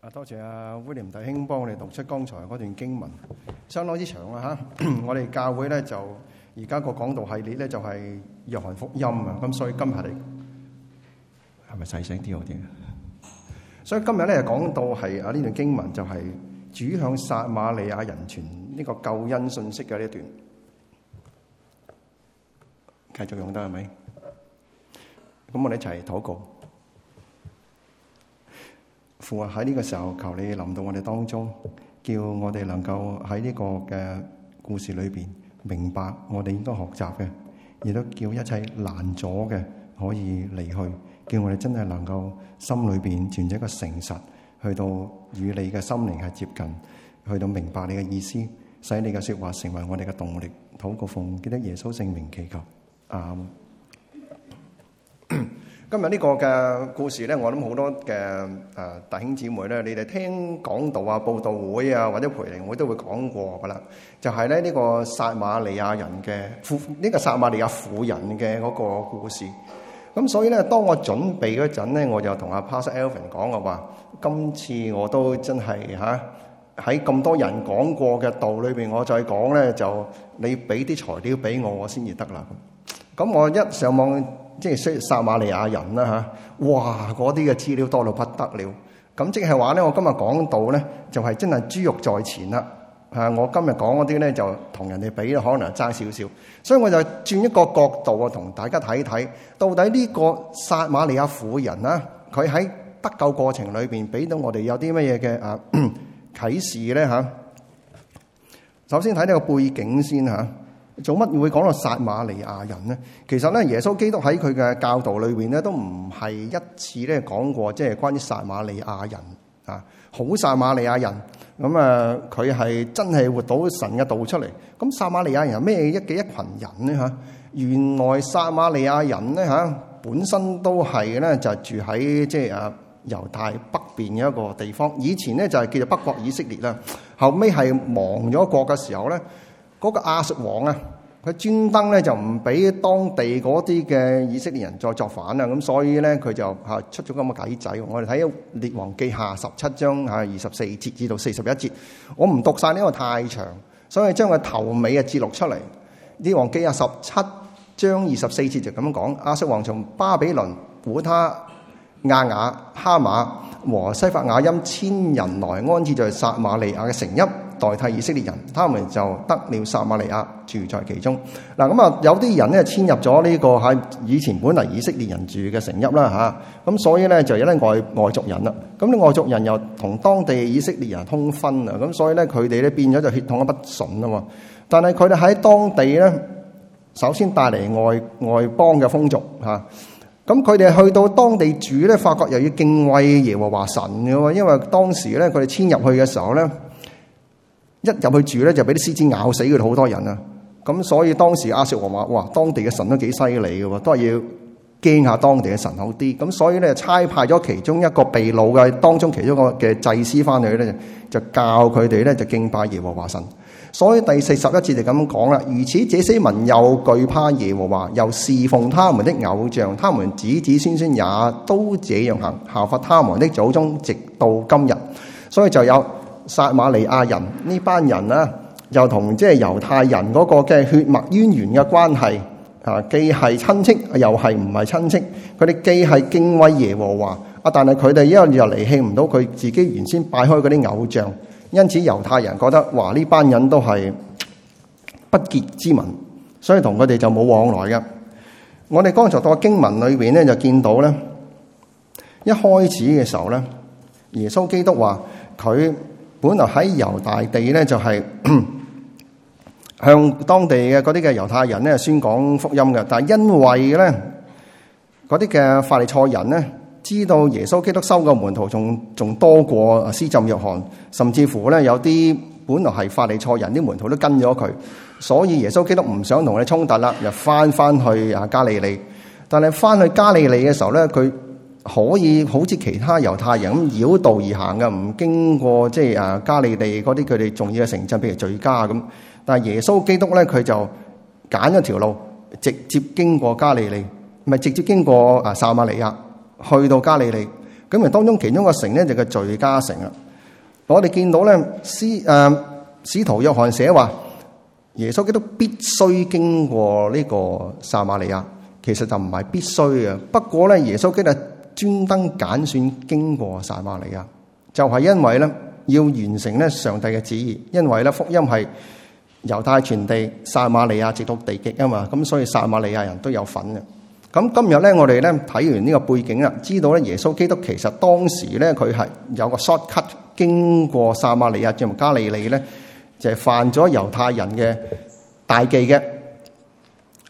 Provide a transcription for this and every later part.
啊，多謝阿威廉弟兄幫我哋讀出剛才嗰段經文，相當之長啦吓。 我哋教會咧就而家個講道系列咧就係約翰福音啊，咁所以今日嚟，係咪細聲啲好啲？所以今日咧講到係啊呢段經文就係主向撒瑪利亞人傳呢個救恩信息嘅呢一段，繼續用得係咪？咁我哋一齊禱告。父啊，喺呢個時候求你臨到我哋當中，叫我哋能夠喺呢個嘅故事裏邊明白我哋應該學習嘅，亦都叫一切難阻嘅可以離去，叫我哋真係能夠心裏邊存一個誠實，去到與你嘅心靈係接近，去到明白你嘅意思，使你嘅説話成為我哋嘅動力。禱告奉基督耶穌聖名祈求，阿門。今日呢個嘅故事咧，我諗好多嘅弟兄姊妹咧，你哋聽講道啊、佈道會啊或者培靈會都會講過㗎喇。就係咧呢個撒瑪利亞人嘅富，呢、這個撒瑪利亞婦人嘅嗰個故事。咁所以咧，當我準備嗰陣咧，我就同阿 Pastor Elvin 講嘅話今次我都真係喺咁多人講過嘅道裏面，我再講咧就你俾啲材料俾我，我先至得啦。咁我一上網。即係撒撒瑪利亞人啦嚇，哇！嗰啲嘅資料多到不得了。咁即係話咧，我今日講到咧，就係真係豬肉在前啦。啊，我今日講嗰啲咧，就同人哋比，可能爭少少。所以我就轉一個角度啊，同大家睇睇，到底呢個撒瑪利亞婦人啦，佢喺得救過程裏邊俾到我哋有啲乜嘢嘅啊啟示咧嚇。首先睇呢個背景先嚇。做乜會講到撒瑪利亞人呢？其實咧，耶穌基督喺佢嘅教導裏邊咧，都唔係一次咧講過，即係關於撒瑪利亞人啊，好撒瑪利亞人。咁啊，佢係真係活到神嘅道出嚟。咁撒瑪利亞人係咩一嘅一羣人呢？嚇，原來撒瑪利亞人咧嚇本身都係咧就住喺即係啊猶太北邊嘅一個地方。以前咧就係叫做北國以色列啦。後尾係亡咗國嘅時候咧，嗰個亞述王啊～佢專登咧就唔俾當地嗰啲嘅以色列人再作反啦，咁所以咧佢就諗出咗咁嘅計仔。我哋睇《列王記》下十七章二十四節至到四十一節，我唔讀晒，呢個太長，所以將個頭尾啊節錄出嚟。《列王記》下十七章二十四節就咁講：亞述王從巴比倫、古他、亞雅、哈馬和西法雅音千人來安置在撒瑪利亞嘅城邑，代替以色列人，佢哋就得了撒瑪利亞，住在其中。嗱咁啊，有啲人咧遷入咗呢個喺以前本嚟以色列人住嘅城邑啦嚇。咁所以咧就一啲外外族人啦。咁啲外族人又同當地以色列人通婚啊，咁所以咧佢哋咧變咗就血統不純啦嘛。但係佢哋喺當地咧，首先帶嚟外外邦嘅風俗嚇。咁佢哋去到當地住咧，發覺又要敬畏耶和華神嘅喎，因為當時咧佢哋遷入去嘅時候咧。一入去住咧，就俾啲獅子咬死佢哋好多人啊！咁所以當時亞述王話，哇，當地嘅神都幾犀利嘅喎，都係要驚下當地嘅神好啲。咁所以咧，就差派咗其中一個秘魯嘅當中其中一個嘅祭司翻去咧，就教佢哋咧就敬拜耶和華神。所以第四十一節就咁講啦。如此這些民又懼怕耶和華，又侍奉他們的偶像，他們子子孫孫也都這樣行，效法他們的祖宗，直到今日。所以就有。撒瑪利亞人呢班人啊，又同即係猶太人嗰個嘅血脈淵源嘅關係啊，既係親戚又係唔係親戚？佢哋既係敬畏耶和華啊，但係佢哋一樣又離棄唔到佢自己原先拜開嗰啲偶像，因此猶太人覺得話呢班人都係不潔之民，所以同佢哋就冇往來嘅。我哋剛才到個經文裏面咧，就見到咧一開始嘅時候咧，耶穌基督話佢。本來喺猶大地咧，就係向當地嘅嗰啲嘅猶太人咧宣講福音嘅。但係因為咧，嗰啲嘅法利賽人咧知道耶穌基督收嘅門徒仲仲多過施浸約翰，甚至乎咧有啲本來係法利賽人啲門徒都跟咗佢，所以耶穌基督唔想同佢哋衝突啦，又翻翻去啊加利利。但係翻去加利利嘅時候咧，佢。可以好似其他猶太人咁繞道而行嘅，唔經過即係啊加利利嗰啲佢哋重要嘅城鎮，譬如敍加咁。但係耶穌基督咧，佢就揀一條路，直接經過加利利，咪直接經過啊撒瑪利亞去到加利利。咁而當中其中一個城咧就叫、是、敍加城啦。我哋見到咧，司誒使、呃、徒約翰寫話，耶穌基督必須經過呢個撒瑪利亞，其實就唔係必須嘅。不過咧，耶穌基督。專登揀選經過撒瑪利亞，就係因為咧要完成咧上帝嘅旨意，因為咧福音係猶太傳地撒瑪利亞直到地極啊嘛，咁所以撒瑪利亞人都有份嘅。咁今日咧我哋咧睇完呢個背景啦，知道咧耶穌基督其實當時咧佢係有個 short cut 經過撒瑪利亞進入加利利咧，就係犯咗猶太人嘅大忌嘅。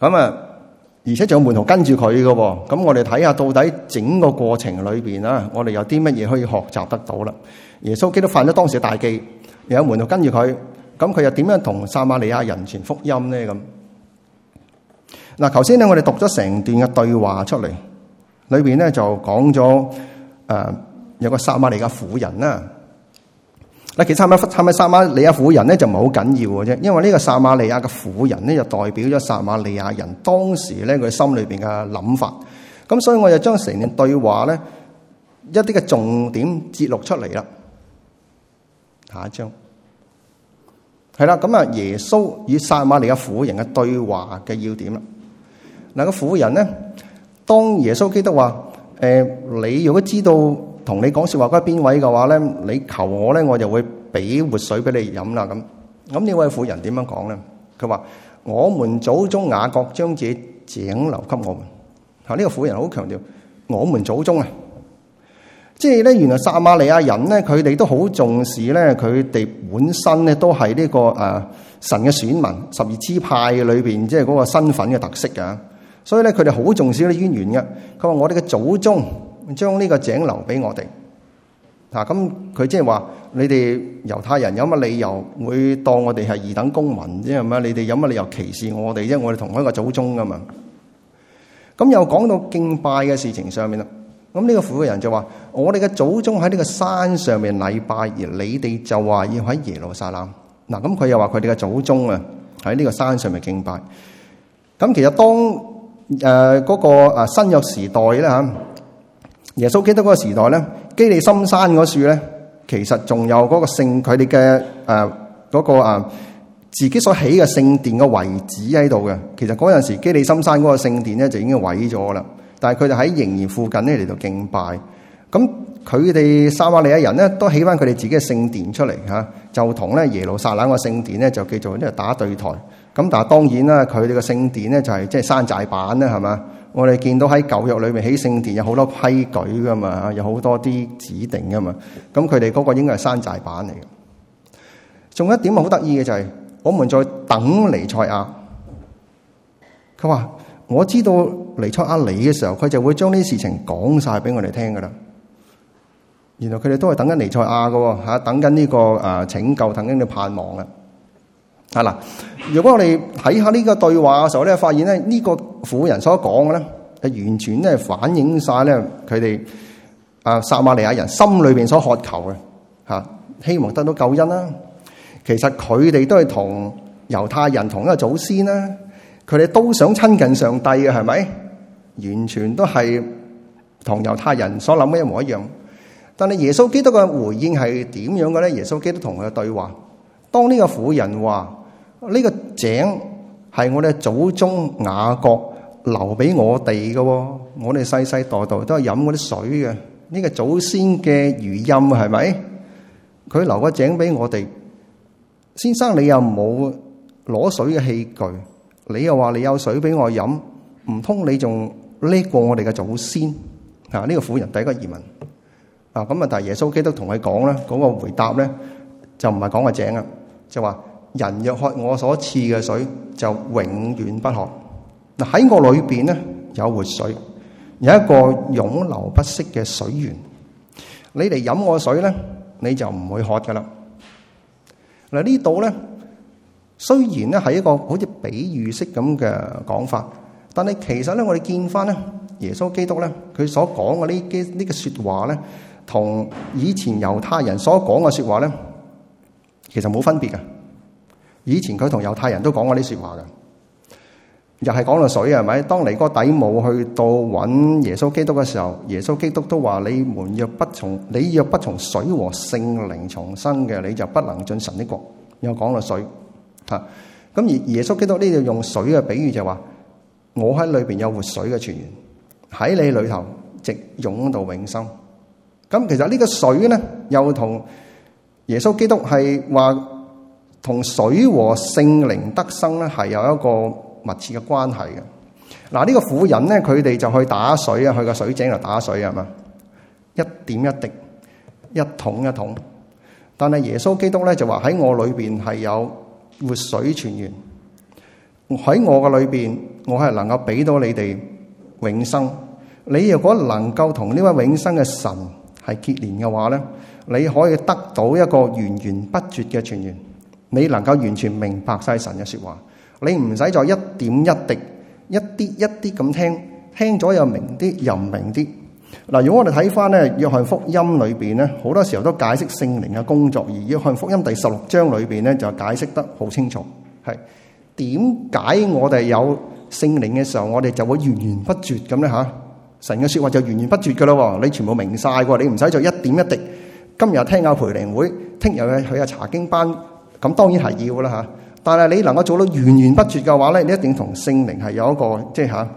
咁啊～而且仲有門徒跟住佢噶，咁我哋睇下到底整個過程裏邊啊，我哋有啲乜嘢可以學習得到啦？耶穌基督犯咗當時嘅大忌，又有門徒跟住佢，咁佢又點樣同撒瑪利亞人傳福音咧？咁嗱，頭先咧我哋讀咗成段嘅對話出嚟，裏邊咧就講咗誒，有個撒瑪利亞婦人啦。嗱，其實係咪係咪撒瑪利亞婦人咧就唔係好緊要嘅啫，因為呢個撒馬利亞嘅婦人咧就代表咗撒馬利亞人當時咧佢心裏邊嘅諗法，咁所以我又將成段對話咧一啲嘅重點揭露出嚟啦。下一章係啦，咁啊耶穌與撒馬利亞婦人嘅對話嘅要點啦。嗱、那，個婦人咧，當耶穌基督話：誒、呃，你如果知道。同你講説話嗰邊位嘅話咧，你求我咧，我就會俾活水俾你飲啦。咁，咁呢位婦人點樣講咧？佢話：我們祖宗雅各將自己井留給我們。嚇，呢個婦人好強調我們祖宗啊！即係咧，原來撒瑪利亞人咧，佢哋都好重視咧，佢哋本身咧都係呢、這個誒、啊、神嘅選民，十二支派裏邊即係嗰個身份嘅特色嘅。所以咧，佢哋好重視呢啲淵源嘅。佢話：我哋嘅祖宗，將呢個井留俾我哋嗱，咁佢即係話：你哋猶太人有乜理由會當我哋係二等公民啫？係咪？你哋有乜理由歧視我哋啫？我哋同一個祖宗噶嘛。咁又講到敬拜嘅事情上面啦。咁呢個婦人就話：我哋嘅祖宗喺呢個山上面禮拜，而你哋就話要喺耶路撒冷嗱。咁佢又話佢哋嘅祖宗啊喺呢個山上面敬拜。咁其實當誒嗰個啊新約時代咧嚇。耶穌基督嗰個時代咧，基利心山嗰樹咧，其實仲有嗰個聖佢哋嘅誒嗰個啊、呃、自己所起嘅聖殿嘅遺址喺度嘅。其實嗰陣時候基利心山嗰個聖殿咧就已經毀咗啦。但係佢哋喺仍然附近呢，嚟到敬拜。咁佢哋撒瑪利亞人咧都起翻佢哋自己嘅聖殿出嚟嚇，就同咧耶路撒冷個聖殿咧就叫做即係打對台。咁但係當然啦，佢哋個聖殿咧就係即係山寨版啦，係嘛？我哋見到喺舊約裏面起聖殿有好多規矩噶嘛，有好多啲指定噶嘛，咁佢哋嗰個應該係山寨版嚟嘅。仲有一點好得意嘅就係、是，我們在等彌賽亞，佢話我知道彌賽亞你嘅時候，佢就會將呢啲事情講晒俾我哋聽噶啦。原來佢哋都係等緊彌賽亞嘅，喎，等緊呢個誒拯救等緊你盼望啊！啊嗱，如果我哋睇下呢個對話嘅時候咧，發現咧呢個婦人所講嘅咧，係完全咧反映晒咧佢哋啊撒瑪利亞人心裏邊所渴求嘅，吓，希望得到救恩啦。其實佢哋都係同猶太人同一個祖先啦，佢哋都想親近上帝嘅，係咪？完全都係同猶太人所諗嘅一模一樣。但係耶穌基督嘅回應係點樣嘅咧？耶穌基督同佢嘅對話，當呢個婦人話。呢個井係我哋祖宗雅各留俾我哋嘅，我哋世世代代都係飲嗰啲水嘅。呢個祖先嘅餘蔭係咪？佢留個井俾我哋。先生，你又冇攞水嘅器具，你又話你有水俾我飲，唔通你仲叻過我哋嘅祖先？啊，呢個婦人第一個疑問。啊，咁啊，但係耶穌基督同佢講咧，嗰個回答咧就唔係講個井啊，就話。人若喝我所賜嘅水，就永遠不渴。嗱喺我裏邊咧有活水，有一個永流不息嘅水源。你嚟飲我嘅水咧，你就唔會渴噶啦。嗱呢度咧，雖然咧係一個好似比喻式咁嘅講法，但係其實咧我哋見翻咧耶穌基督咧佢所講嘅呢啲呢個說話咧，同以前猶太人所講嘅說話咧，其實冇分別嘅。以前佢同猶太人都講過啲說話嘅，又係講到水係咪？當尼哥底母去到揾耶穌基督嘅時候，耶穌基督都話：你們若不從，你若不從水和聖靈重生嘅，你就不能進神的國。又講到水嚇，咁而耶穌基督呢度用水嘅比喻就話：我喺裏邊有活水嘅泉源，喺你裏頭直湧到永生。咁其實呢個水咧，又同耶穌基督係話。同水和聖靈得生咧，係有一個密切嘅關係嘅。嗱，呢個婦人咧，佢哋就去打水啊，去個水井度打水啊，嘛，一點一滴，一桶一桶。但係耶穌基督咧就話，喺我裏邊係有活水泉源，喺我嘅裏邊，我係能夠俾到你哋永生。你如果能夠同呢位永生嘅神係結連嘅話咧，你可以得到一個源源不絕嘅泉源。你能夠完全明白曬神嘅説話，你唔使再一點一滴、一啲一啲咁聽，聽咗又明啲，又唔明啲。嗱，如果我哋睇翻咧《約翰福音》裏邊咧，好多時候都解釋聖靈嘅工作。而《約翰福音》第十六章裏邊咧就解釋得好清楚，係點解我哋有聖靈嘅時候，我哋就會源源不絕咁咧嚇？神嘅説話就源源不絕噶啦喎，你全部明曬喎，你唔使再一點一滴。今日聽下培靈會，聽日去下查經班。咁當然係要啦吓，但係你能夠做到源源不絕嘅話咧，你一定同聖靈係有一個即係吓，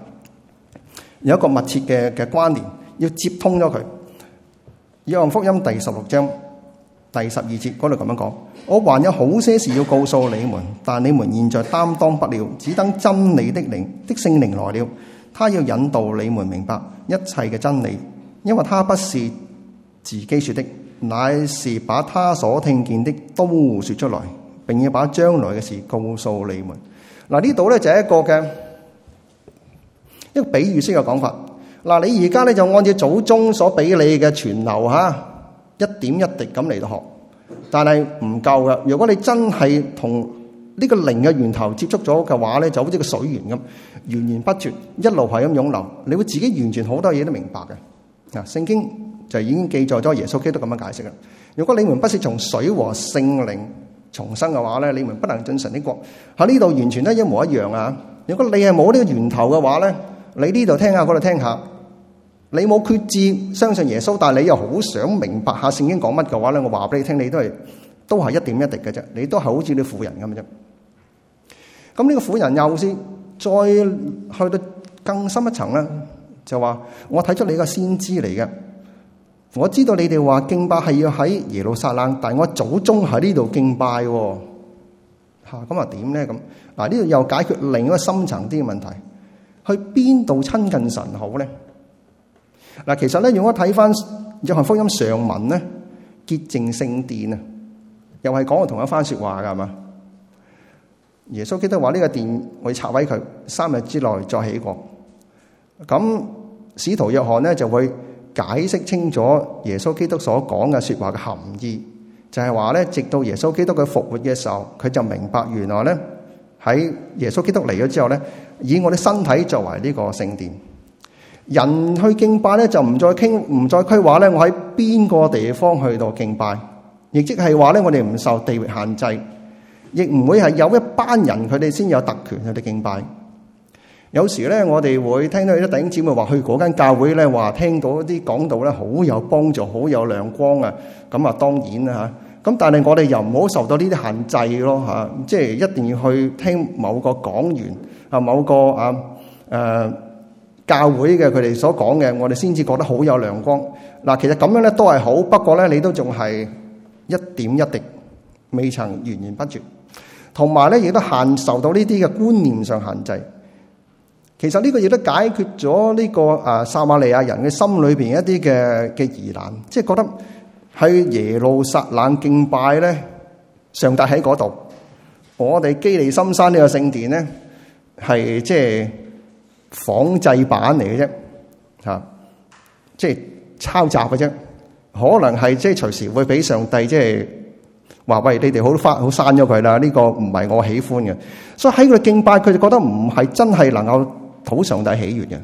有一個密切嘅嘅關聯，要接通咗佢。《約翰福音》第十六章第十二節嗰度咁樣講：我還有好些事要告訴你們，但你們現在擔當不了，只等真理的靈的聖靈來了，他要引導你們明白一切嘅真理，因為他不是自己說的。乃是把他所聽見的都說出來，並要把將來嘅事告訴你們。嗱，呢度咧就係一個嘅一個比喻式嘅講法。嗱，你而家咧就按照祖宗所俾你嘅傳流嚇，一點一滴咁嚟到學，但係唔夠嘅。如果你真係同呢個靈嘅源頭接觸咗嘅話咧，就好似個水源咁，源源不絕，一路係咁湧流，你會自己完全好多嘢都明白嘅。啊，聖經。就已經記載咗耶穌基督咁樣解釋啦。如果你們不是從水和聖靈重生嘅話咧，你們不能進神的國，喺呢度完全都一模一樣啊。如果你係冇呢個源頭嘅話咧，你呢度聽一下，嗰度聽下，你冇決志相信耶穌，但係你又好想明白下聖經講乜嘅話咧，我話俾你聽，你都係都係一點一滴嘅啫，你都係好似你婦人咁嘅啫。咁呢個婦人又先再去到更深一層咧，就話我睇出你係個先知嚟嘅。我知道你哋話敬拜係要喺耶路撒冷，但係我祖宗喺呢度敬拜，吓咁啊點咧？咁嗱呢度又解決另一個深層啲嘅問題，去邊度親近神好咧？嗱，其實咧如果睇翻約翰福音上文咧，潔淨聖殿啊，又係講我同一番說話噶係嘛？耶穌基督話呢個殿我要拆毀佢，三日之內再起過。咁使徒約翰咧就會，解釋清楚耶穌基督所講嘅說話嘅含義，就係話咧，直到耶穌基督嘅復活嘅時候，佢就明白原來咧喺耶穌基督嚟咗之後咧，以我哋身體作為呢個聖殿，人去敬拜咧就唔再傾唔再規劃咧，我喺邊個地方去到敬拜，亦即係話咧，我哋唔受地域限制，亦唔會係有一班人佢哋先有特權去到敬拜。有時呢，我哋會聽到一啲弟兄姐妹話去嗰間教會呢，話聽到啲講道呢，好有幫助，好有亮光啊，咁，當然，咁，但係我哋又唔好受到呢啲限制咯，即係一定要去聽某個講員，某個，呃，教會嘅佢哋所講嘅，我哋先至覺得好有亮光。其實咁樣呢，都係好，不過呢，你都仲係一點一滴，未曾源源不絕。同埋呢，亦都限受到呢啲嘅觀念上限制。其實呢個亦都解決咗呢個啊撒瑪利亞人嘅心裏邊一啲嘅嘅疑難，即係覺得喺耶路撒冷敬拜咧，上帝喺嗰度，我哋基利心山呢個聖殿咧係即係仿製版嚟嘅啫，嚇，即係抄襲嘅啫，可能係即係隨時會俾上帝即係話喂，你哋好翻好刪咗佢啦，呢個唔係我喜歡嘅，所以喺嗰度敬拜佢就覺得唔係真係能夠。討上帝喜悅嘅，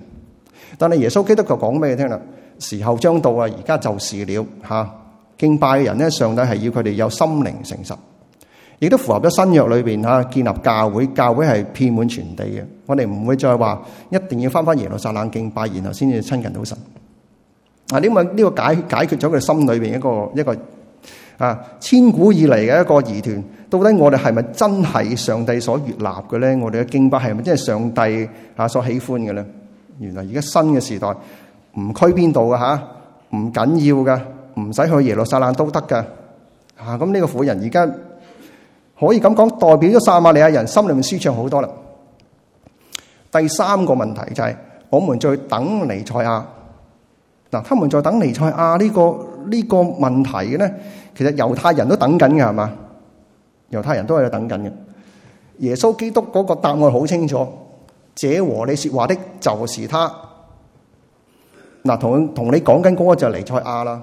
但係耶穌基督佢講俾你聽啦，時候將到啊，而家就事了吓，敬拜嘅人咧，上帝係要佢哋有心靈誠實，亦都符合咗新約裏邊吓，建立教會，教會係遍滿全地嘅。我哋唔會再話一定要翻翻耶路撒冷敬拜，然後先至親近到神。嗱，呢個呢個解解決咗佢心裏邊一個一個。啊，千古以嚟嘅一個疑團，到底我哋係咪真係上帝所悦納嘅咧？我哋嘅敬拜係咪真係上帝嚇所喜歡嘅咧？原來而家新嘅時代唔拘邊度嘅嚇，唔緊要嘅，唔使去耶路撒冷都得嘅嚇。咁、啊、呢個婦人而家可以咁講，代表咗撒瑪利亞人心裏面舒暢好多啦。第三個問題就係、是、我們在等彌賽亞，嗱，他們在等彌賽亞呢個呢、這個問題嘅咧。其實猶太人都等緊嘅係嘛，猶太人都係喺度等緊嘅。耶穌基督嗰個答案好清楚，這和你說話的，就是他。嗱，同同你講緊嗰、那個就彌賽亞啦。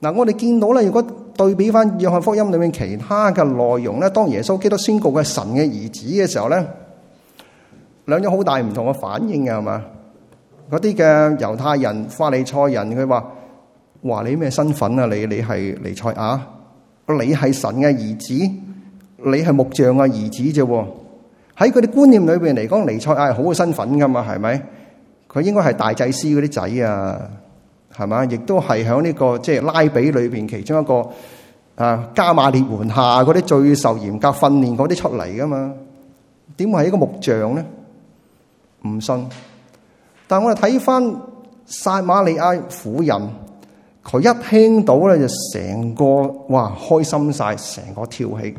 嗱，我哋見到咧，如果對比翻約翰福音裏面其他嘅內容咧，當耶穌基督宣告嘅神嘅兒子嘅時候咧，兩種好大唔同嘅反應嘅係嘛，嗰啲嘅猶太人、法利賽人佢話。他說話你咩身份啊？你你係彌賽亞？你係神嘅兒子？你係木匠嘅兒子啫？喺佢哋觀念裏邊嚟講，彌賽亞係好嘅身份噶嘛？係咪？佢應該係大祭司嗰啲仔啊？係咪？亦都係響呢個即係拉比裏邊其中一個啊加瑪列門下嗰啲最受嚴格訓練嗰啲出嚟噶嘛？點會係一個木匠咧？唔信？但我哋睇翻撒馬利亞婦人。佢一聽到咧，就成個哇開心晒，成個跳起，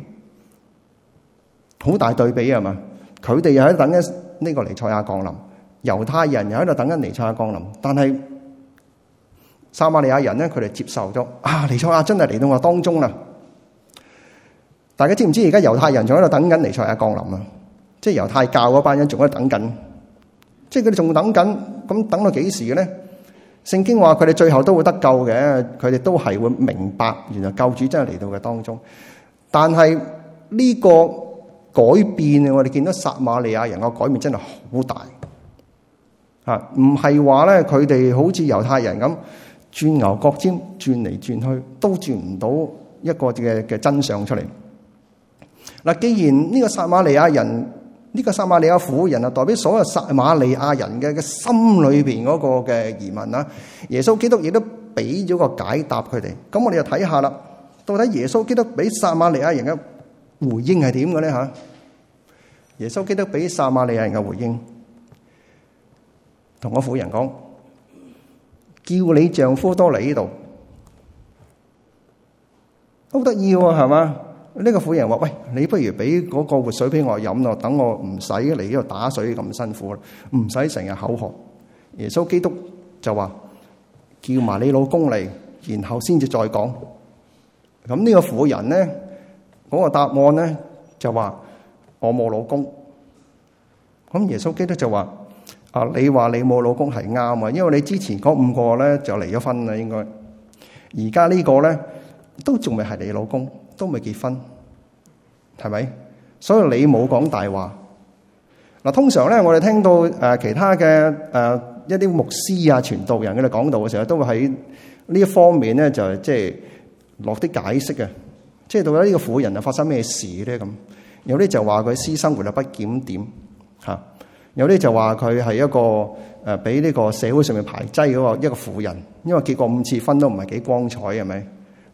好大對比啊嘛！佢哋又喺等緊呢個尼賽亞降臨，猶太人又喺度等緊尼賽亞降臨，但係撒瑪利亞人咧，佢哋接受咗啊，尼賽亞真係嚟到我當中啦！大家知唔知而家猶太人仲喺度等緊尼賽亞降臨啊？即係猶太教嗰班人仲喺度等緊，即係佢哋仲等緊，咁等到幾時嘅咧？聖經話佢哋最後都會得救嘅，佢哋都係會明白原來救主真係嚟到嘅當中。但係呢個改變，我哋見到撒瑪利亞人嘅改變真係好大吓，唔係話咧佢哋好似猶太人咁轉牛角尖，轉嚟轉去，都轉唔到一個嘅嘅真相出嚟。嗱，既然呢個撒瑪利亞人，呢個撒瑪利亞婦人啊，代表所有撒瑪利亞人嘅嘅心裏邊嗰個嘅疑問啦。耶穌基督亦都俾咗個解答佢哋。咁我哋就睇下啦,到底耶穌基督俾撒瑪利亞人嘅回應係點嘅咧吓？耶穌基督俾撒瑪利亞人嘅回應，同個婦人講，叫你丈夫多嚟呢度，好得意喎，係嘛？呢、這個婦人話：喂，你不如俾嗰個活水俾我飲咯，等我唔使嚟呢度打水咁辛苦，唔使成日口渴。耶穌基督就話叫埋你老公嚟，然後先至再講。咁、這個、呢個婦人咧，嗰、那個答案咧就話我冇老公。咁耶穌基督就話：啊，你話你冇老公係啱啊，因為你之前嗰五個咧就離咗婚啦，應該而家呢個咧都仲未係你老公。都未結婚，係咪？所以你冇講大話。嗱，通常咧，我哋聽到其他嘅、呃、一啲牧師啊、傳道人佢哋講道嘅時候，都會喺呢一方面咧，就即係落啲解釋嘅。即係到底呢個婦人啊發生咩事咧？咁有啲就話佢私生活啊不檢點，有啲就話佢係一個誒俾呢個社會上面排擠嗰個一個婦人，因為結過五次婚都唔係幾光彩，係咪？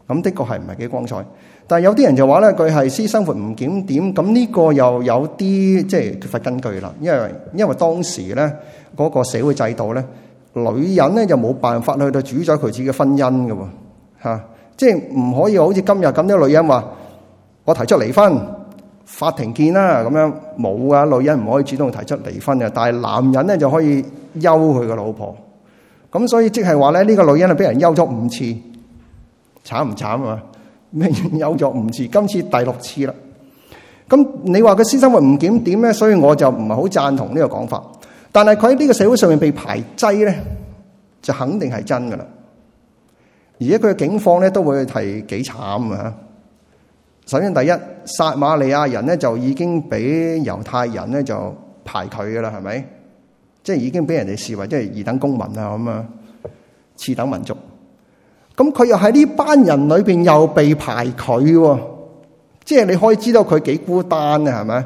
咁的確係唔係幾光彩？但係有啲人就話咧，佢係私生活唔檢點，咁呢個又有啲即係缺乏根據啦。因為因為當時咧嗰個社會制度咧，女人咧就冇辦法去到主宰佢自己嘅婚姻㗎喎，即係唔可以好似今日咁啲女人話我提出離婚，法庭見啦咁樣冇啊！女人唔可以主動提出離婚嘅，但係男人咧就可以休佢嘅老婆。咁所以即係話咧，呢個女人係俾人休咗五次，慘唔慘啊？明 有咗五次，今次第六次啦。咁你話佢私生活唔檢點咧，所以我就唔係好贊同呢個講法。但係佢喺呢個社會上面被排擠咧，就肯定係真噶啦。而且佢嘅境況咧都會係幾慘噶。首先第一，撒馬利亞人咧就已經俾猶太人咧就排佢噶啦，係咪？即係已經俾人哋視為即係二等公民啊咁啊，次等民族。咁佢又喺呢班人裏邊又被排拒，啊，即係你可以知道佢幾孤單啊，係咪？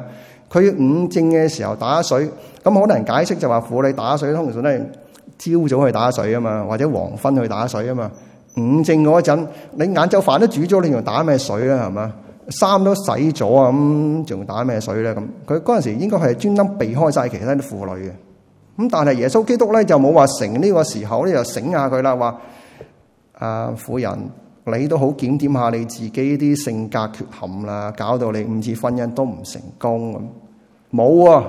佢午正嘅時候打水，咁好多人解釋就話婦女打水通常都係朝早去打水啊嘛，或者黃昏去打水啊嘛。午正嗰陣，你晏晝飯都煮咗，你仲打咩水啊？係咪？衫都洗咗啊，咁、嗯、仲打咩水咧？咁佢嗰陣時應該係專登避開晒其他婦女嘅。咁但係耶穌基督咧就冇話成呢個時候咧就醒下佢啦，話。啊，婦人，你都好檢點下你自己啲性格缺陷啦，搞到你五次婚姻都唔成功咁。冇啊，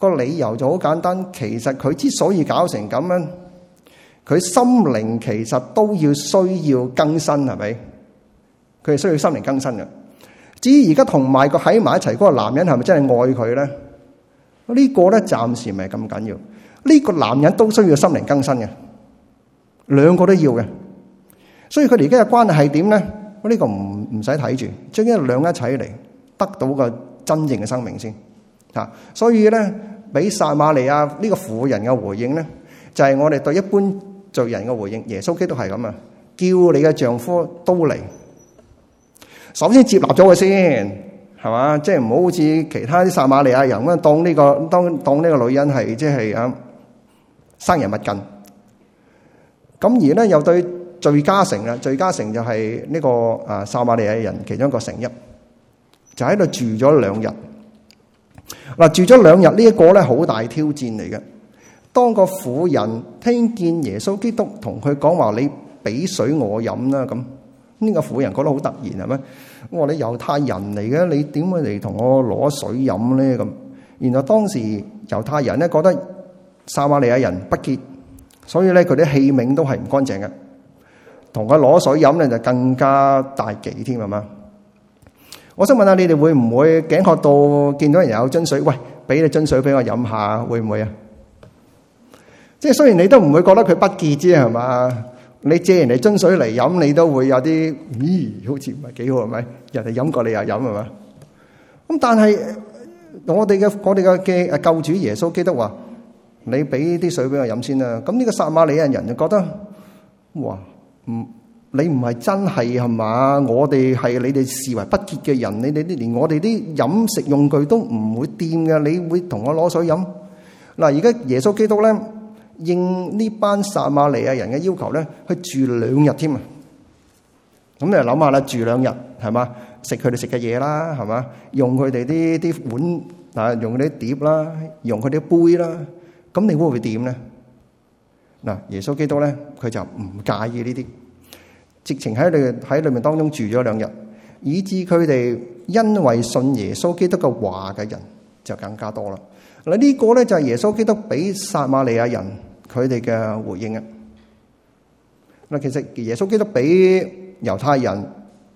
個理由就好簡單，其實佢之所以搞成咁樣，佢心靈其實都要需要更新，係咪？佢係需要心靈更新嘅。至於而家同埋個喺埋一齊嗰個男人係咪真係愛佢咧？呢個咧暫時唔係咁緊要。呢個男人都需要心靈更新嘅。兩個都要嘅，所以佢哋而家嘅關係係點咧？呢個唔唔使睇住，將呢兩個一齊嚟，得到個真正嘅生命先。吓，所以咧，俾撒瑪利亞呢個婦人嘅回應咧，就係我哋對一般罪人嘅回應。耶穌基督係咁啊，叫你嘅丈夫都嚟，首先接納咗佢先，係嘛？即係唔好好似其他啲撒瑪利亞人咁啊，當呢個當當呢個女人係即係啊，生人勿近。咁而咧又對敘加城啦，敘加城就係呢個啊撒瑪利亞人其中一個城邑，就喺度住咗兩日。嗱，住咗兩日呢一個咧好大挑戰嚟嘅。當個婦人聽見耶穌基督同佢講話，你俾水我飲啦，咁呢個婦人覺得好突然係咩？我話你猶太人嚟嘅，你點會嚟同我攞水飲咧？咁，然後，當時猶太人咧覺得撒馬利亞人不潔。所以咧，佢啲器皿都係唔乾淨嘅，同佢攞水飲咧就更加大忌添啊嘛！我想問下你哋會唔會頸渴到見到人有樽水，喂，俾你樽水俾我飲下，會唔會啊？即係雖然你都唔會覺得佢不潔啫係嘛，你借人哋樽水嚟飲，你都會有啲咦，好似唔係幾好係咪？人哋飲過你又飲係嘛？咁但係我哋嘅我哋嘅嘅救主耶穌基督話。你俾啲水俾我飲先啦。咁呢個撒瑪利亞人就覺得哇，唔你唔係真係係嘛？我哋係你哋視為不潔嘅人，你哋啲連我哋啲飲食用具都唔會掂㗎，你會同我攞水飲嗱？而家耶穌基督咧應呢班撒瑪利亞人嘅要求咧，去住兩日添啊！咁你諗下啦，住兩日係嘛？食佢哋食嘅嘢啦，係嘛？用佢哋啲啲碗啊，用啲碟啦，用佢啲杯啦。咁你會會點咧？嗱，耶穌基督咧，佢就唔介意呢啲，直情喺你喺裏面當中住咗兩日，以致佢哋因為信耶穌基督嘅話嘅人就更加多啦。嗱，呢個咧就係耶穌基督俾撒瑪利亞人佢哋嘅回應啊。嗱，其實耶穌基督俾猶太人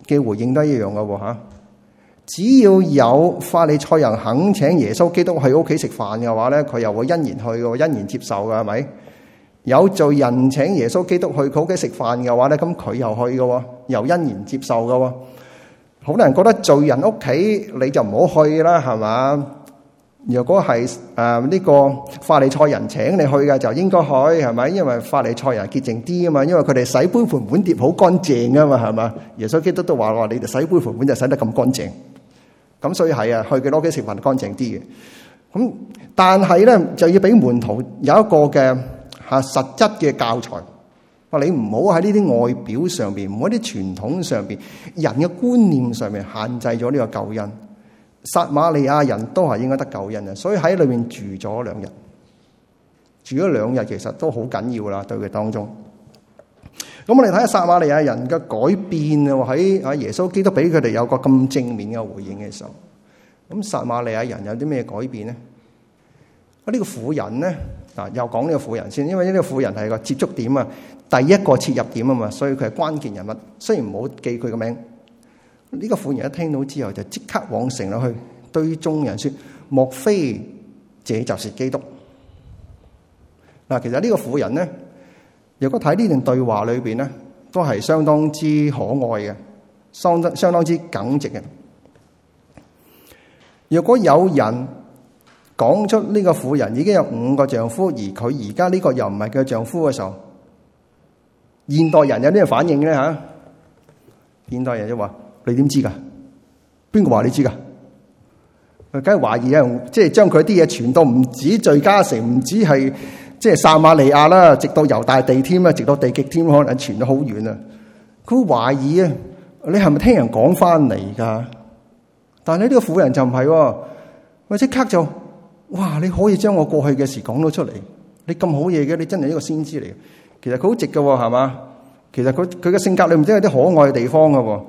嘅回應都係一樣㗎吓。只要有法利賽人肯請耶穌基督去屋企食飯嘅話咧，佢又會欣然去嘅，欣然接受嘅係咪？有罪人請耶穌基督去佢屋企食飯嘅話咧，咁佢又去嘅，又欣然接受嘅。好多人覺得罪人屋企你就唔好去啦，係嘛？如果係誒呢個法利賽人請你去嘅就應該去，係咪？因為法利賽人潔淨啲啊嘛，因為佢哋洗杯盤碗碟好乾淨啊嘛，係嘛？耶穌基督都話話你哋洗杯盤碗就洗得咁乾淨。咁所以係啊，去嘅攞啲食物乾淨啲嘅。咁但係咧就要俾門徒有一個嘅嚇實質嘅教材，話你唔好喺呢啲外表上面，唔好喺啲傳統上面，人嘅觀念上面限制咗呢個救恩。撒瑪利亞人都係應該得救恩嘅，所以喺裏面住咗兩日，住咗兩日其實都好緊要啦。對佢當中。咁我哋睇下撒馬利亞人嘅改變啊！喺耶穌基督俾佢哋有個咁正面嘅回應嘅時候，咁撒馬利亞人有啲咩改變咧？啊、這、呢個婦人咧，嗱又講呢個婦人先，因為呢個婦人係個接觸點啊，第一個切入點啊嘛，所以佢係關鍵人物。雖然唔好記佢個名，呢、呢個婦人一聽到之後就即刻往城落去，對眾人說：莫非這就是基督？嗱，其實呢個婦人咧。如果睇呢段對話裏邊咧，都係相當之可愛嘅，相相相當之耿直嘅。若果有人講出呢個婦人已經有五個丈夫，而佢而家呢個又唔係佢丈夫嘅時候，現代人有啲咩反應咧嚇？現代人就話：你點知㗎？邊個話你知㗎？梗係懷疑啊！即係將佢啲嘢傳到唔止罪加成，唔止係。即係撒瑪利亞啦，直到猶大地添啊，直到地極添，可能傳得好遠啊！佢懷疑啊，你係咪聽人講翻嚟噶？但係呢個婦人就唔係喎，佢即刻就哇，你可以將我過去嘅事講到出嚟，你咁好嘢嘅，你真係一個先知嚟嘅。其實佢好直嘅喎，係嘛？其實佢佢嘅性格裏面都有啲可愛嘅地方嘅喎。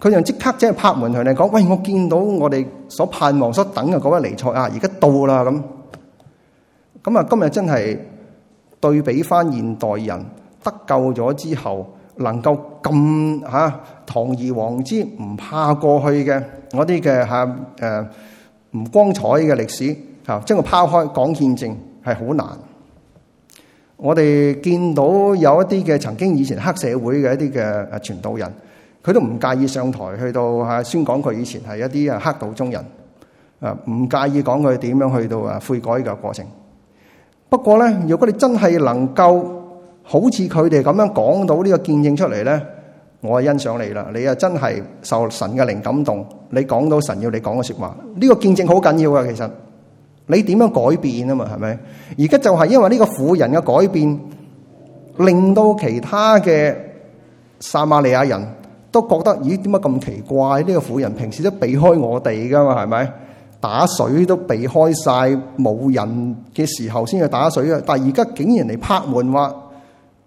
佢就即刻即係拍門向你講，喂，我見到我哋所盼望、所等嘅嗰位彌賽亞，而家到啦咁。咁啊，今日真係～對比翻現代人得救咗之後，能夠咁嚇堂而皇之唔怕過去嘅嗰啲嘅唔光彩嘅歷史嚇，將佢拋開講見證係好難。我哋見到有一啲嘅曾經以前黑社會嘅一啲嘅傳道人，佢都唔介意上台去到嚇、啊、宣講佢以前係一啲啊黑道中人，啊唔介意講佢點樣去到啊悔改嘅過程。不過咧，如果你真係能夠好似佢哋咁樣講到呢個見證出嚟咧，我就欣賞你啦。你啊真係受神嘅靈感動，你講到神要你講嘅說話。呢個見證好緊要噶，其實你點樣改變啊嘛，係咪？而家就係因為呢個婦人嘅改變，令到其他嘅撒瑪利亞人都覺得，咦，點解咁奇怪？呢個婦人平時都避開我哋噶嘛，係咪？打水都避開晒，冇人嘅時候先去打水啊！但係而家竟然嚟拍門話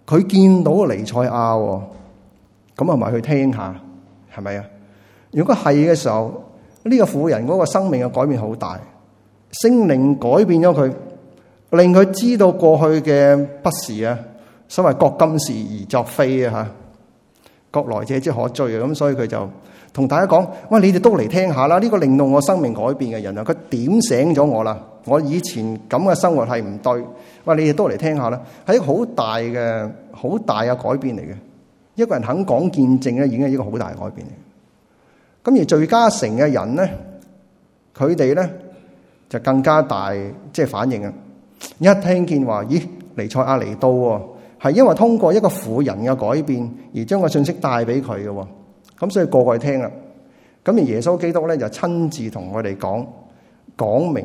佢見到個彌賽亞，咁係咪去聽下？係咪啊？如果係嘅時候，呢、這個婦人嗰個生命嘅改變好大，聖靈改變咗佢，令佢知道過去嘅不是啊，所謂覺今是而昨非啊，吓割來者之可追」啊，咁所以佢就。同大家講，喂，你哋都嚟聽下啦！呢個令到我生命改變嘅人啊，佢點醒咗我啦！我以前咁嘅生活係唔對。喂，你哋都嚟聽下啦！係一個好大嘅、好大嘅改變嚟嘅。一個人肯講見證咧，已經係一個好大嘅改變。咁而敘加城嘅人咧，佢哋咧就更加大，即係反應啊！一聽見話，咦，彌賽亞嚟到喎，係因為通過一個婦人嘅改變而將個信息帶俾佢嘅喎。咁所以個個去聽啦，咁而耶穌基督咧就親自同我哋講講明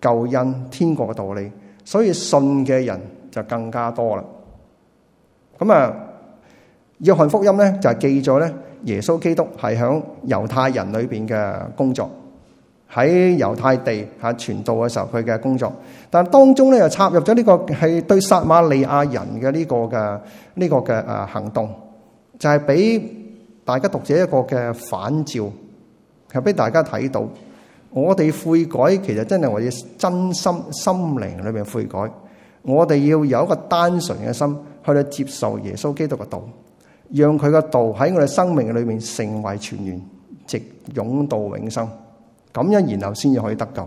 救恩、天國嘅道理，所以信嘅人就更加多啦。咁啊，約翰福音咧就係記咗咧耶穌基督係響猶太人裏面嘅工作，喺猶太地嚇傳道嘅時候佢嘅工作，但當當中咧又插入咗呢、這個係對撒瑪利亞人嘅呢、這個嘅呢、這個嘅行動，就係俾。大家讀者一個嘅反照，係俾大家睇到我哋悔改，其實真係我哋真心心靈裏面悔改。我哋要有一個單純嘅心去接受耶穌基督嘅道，讓佢嘅道喺我哋生命裏面成為泉源，直湧到永生。咁樣然後先至可以得救。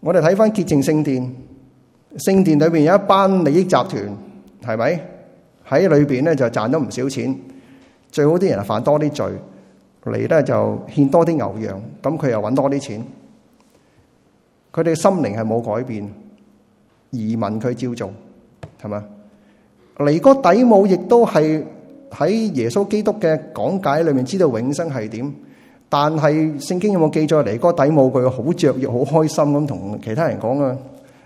我哋睇翻潔淨聖殿，聖殿裏面有一班利益集團，係咪喺裏邊咧就賺咗唔少錢？最好啲人係犯多啲罪，嚟咧就獻多啲牛羊，咁佢又搵多啲錢。佢哋心靈係冇改變，疑問佢照做，係嘛？尼哥底母亦都係喺耶穌基督嘅講解裏面知道永生係點，但係聖經有冇記載尼哥底母佢好著意、好開心咁同其他人講啊？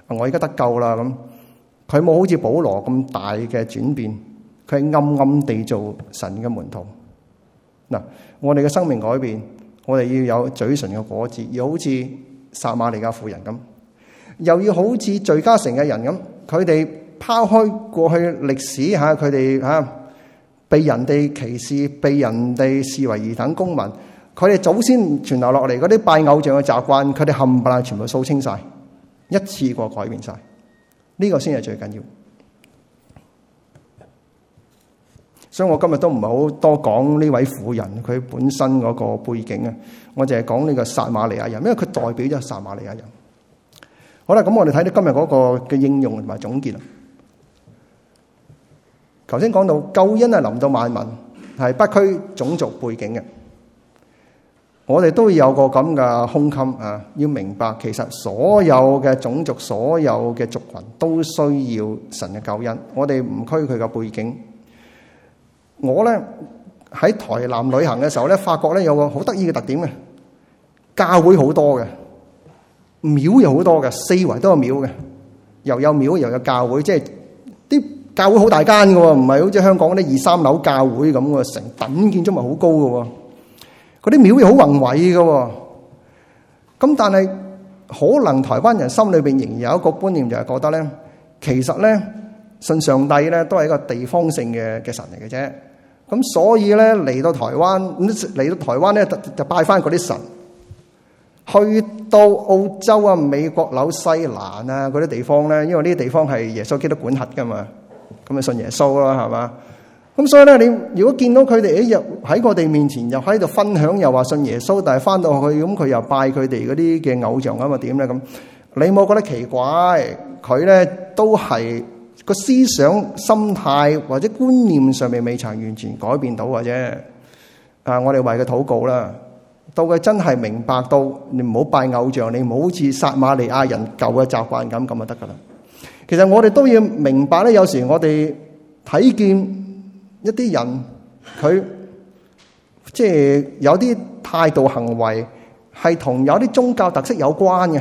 我而家得救啦咁，佢冇好似保羅咁大嘅轉變。佢暗暗地做神嘅門徒嗱，我哋嘅生命改變，我哋要有嘴唇嘅果子，要好似撒瑪利亞婦人咁，又要好似敘加城嘅人咁，佢哋拋開過去歷史吓，佢哋吓被人哋歧視，被人哋視為二等公民，佢哋祖先傳留落嚟嗰啲拜偶像嘅習慣，佢哋冚唪唥全部掃清晒，一次過改變晒，呢個先係最緊要。所以我今日都唔係好多講呢位婦人佢本身嗰個背景啊，我淨係講呢個撒瑪利亞人，因為佢代表咗撒瑪利亞人。好啦，咁我哋睇到今日嗰個嘅應用同埋總結。頭先講到救恩係臨到萬民，係不拘種族背景嘅。我哋都有個咁嘅胸襟啊，要明白其實所有嘅種族、所有嘅族群都需要神嘅救恩，我哋唔拘佢嘅背景。我咧喺台南旅行嘅時候咧，發覺咧有個好得意嘅特點嘅，教會好多嘅，廟又好多嘅，四圍都有廟嘅，又有廟又有教會，即係啲教會好大間嘅，唔係好似香港嗰啲二三樓教會咁嘅，成等建築物好高嘅，嗰啲廟又好宏偉嘅，咁但係可能台灣人心裏邊仍然有一個觀念，就係覺得咧，其實咧信上帝咧都係一個地方性嘅嘅神嚟嘅啫。咁所以咧嚟到台灣，咁嚟到台灣咧就拜翻嗰啲神，去到澳洲啊、美國、紐西蘭啊嗰啲地方咧，因為呢啲地方係耶穌基督管轄噶嘛，咁就信耶穌啦，係嘛？咁所以咧，你如果見到佢哋喺喺我哋面前又喺度分享，又話信耶穌，但係翻到去咁佢又拜佢哋嗰啲嘅偶像咁啊點咧咁？咁你冇覺得奇怪？佢咧都係。個思想、心態或者觀念上面未曾完全改變到嘅啫。啊，我哋為佢禱告啦。到佢真係明白到，你唔好拜偶像，你唔好好似撒瑪利亞人舊嘅習慣咁，咁就得噶啦。其實我哋都要明白咧，有時我哋睇見一啲人，佢即係有啲態度行為係同有啲宗教特色有關嘅，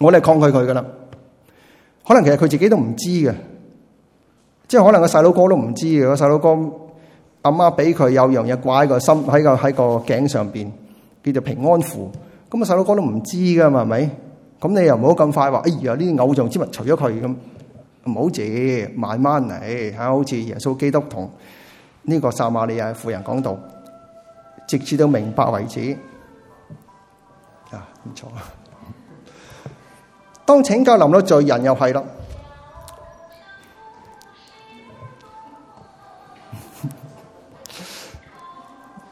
我哋抗拒佢噶啦。可能其實佢自己都唔知嘅，即係可能個細佬哥都唔知嘅。個細佬哥阿媽俾佢有樣嘢，掛喺個心喺個喺個頸上邊，叫做平安符。咁個細佬哥都唔知噶嘛？係咪？咁你又唔好咁快話，哎呀，呢啲偶像之物除咗佢咁，唔好自，慢慢嚟。好似耶穌基督同呢個撒瑪利亞婦人講道，直至到明白為止。啊，唔錯。當拯救臨到罪人又係咯，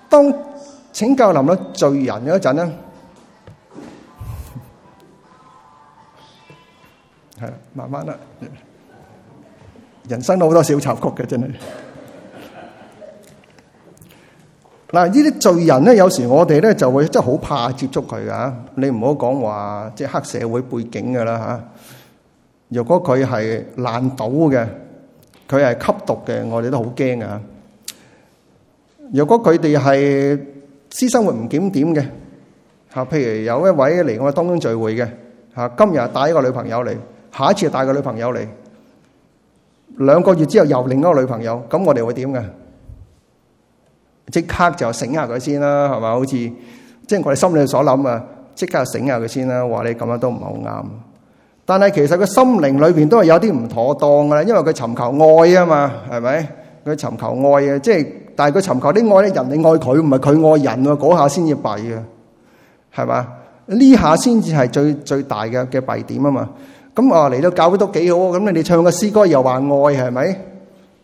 當拯救臨到罪人嗰陣呢，係慢慢啦，人生都好多小插曲嘅，真係。嗱，呢啲罪人咧，有時我哋咧就會真係好怕接觸佢噶。你唔好講話即係黑社會背景嘅啦嚇。如果佢係爛賭嘅，佢係吸毒嘅，我哋都好驚㗎。如果佢哋係私生活唔檢點嘅，嚇譬如有一位嚟我哋當中聚會嘅，嚇今日帶一個女朋友嚟，下一次帶個女朋友嚟，兩個月之後又另一個女朋友，咁我哋會點嘅？即刻就醒下佢先啦，係咪？好似即係我哋心裏所諗啊，即刻醒下佢先啦。話你咁樣都唔係好啱。但係其實個心靈裏邊都係有啲唔妥當嘅啦，因為佢尋求愛啊嘛，係咪？佢尋求愛啊，即係但係佢尋求啲愛咧，人哋愛佢唔係佢愛人喎，嗰下先至弊啊，係嘛？呢下先至係最最大嘅嘅弊點啊嘛。咁啊嚟到教佢都幾好，咁你哋唱個詩歌又話愛係咪？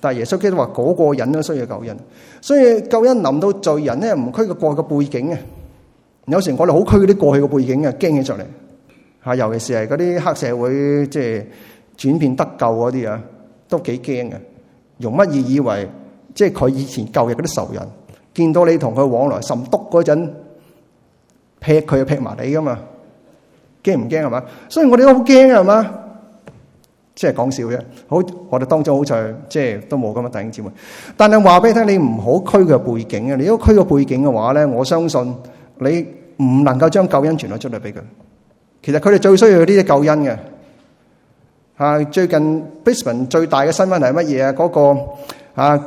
但係耶穌基督話，嗰個人都需要救恩，所以救恩臨到罪人咧，唔拘過去嘅背景嘅。有時我哋好拘啲過去嘅背景，驚起上嚟嚇，尤其是係嗰啲黑社會即係轉變得救嗰啲啊，都幾驚嘅。容乜易以為即係佢以前舊日嗰啲仇人，見到你同佢往來甚篤嗰陣，劈佢就劈埋你噶嘛，驚唔驚係嘛？所以我哋都好驚係嘛？即係講笑啫，好，我哋當中好似即係都冇咁嘅弟兄姊妹，但係話俾你聽，你唔好區佢個背景啊！你如果區個背景嘅話咧，我相信你唔能夠將救恩傳到出嚟俾佢。其實佢哋最需要呢啲救恩嘅。啊，最近 Basement 最大嘅新聞係乜嘢啊？嗰個啊，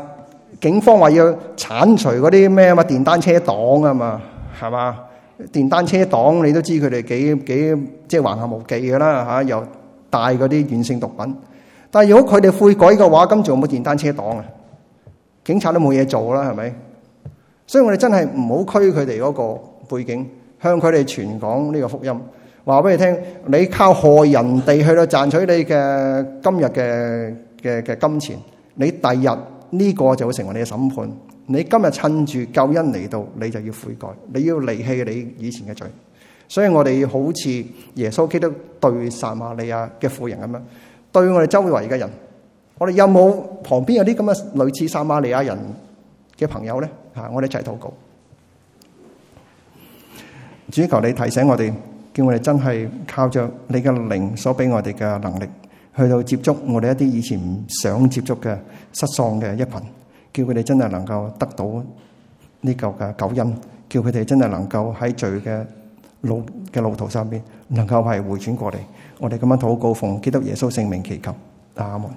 警方話要剷除嗰啲咩啊嘛，電單車黨啊嘛，係嘛？電單車黨你都知佢哋幾幾即係橫行無忌㗎啦嚇，又。帶嗰啲軟性毒品，但係如果佢哋悔改嘅話，今朝仲有冇電單車黨啊？警察都冇嘢做啦，係咪？所以我哋真係唔好驅佢哋嗰個背景，向佢哋傳講呢個福音。話俾你聽，你靠害人哋去到賺取你嘅今日嘅嘅嘅金錢，你第日呢個就會成為你嘅審判。你今日趁住救恩嚟到，你就要悔改，你要離棄你以前嘅罪。所以我哋好似耶穌基督對撒瑪利亞嘅婦人咁樣，對我哋周圍嘅人，我哋有冇旁邊有啲咁嘅類似撒瑪利亞人嘅朋友咧？吓，我哋一齊禱告。主求你提醒我哋，叫我哋真係靠着你嘅靈所俾我哋嘅能力，去到接觸我哋一啲以前唔想接觸嘅失喪嘅一群，叫佢哋真係能夠得到呢嚿嘅救恩，叫佢哋真係能夠喺罪嘅。路嘅路途身邊能夠係回轉過嚟，我哋今晚禱告，奉基督耶穌聖名祈求，阿門。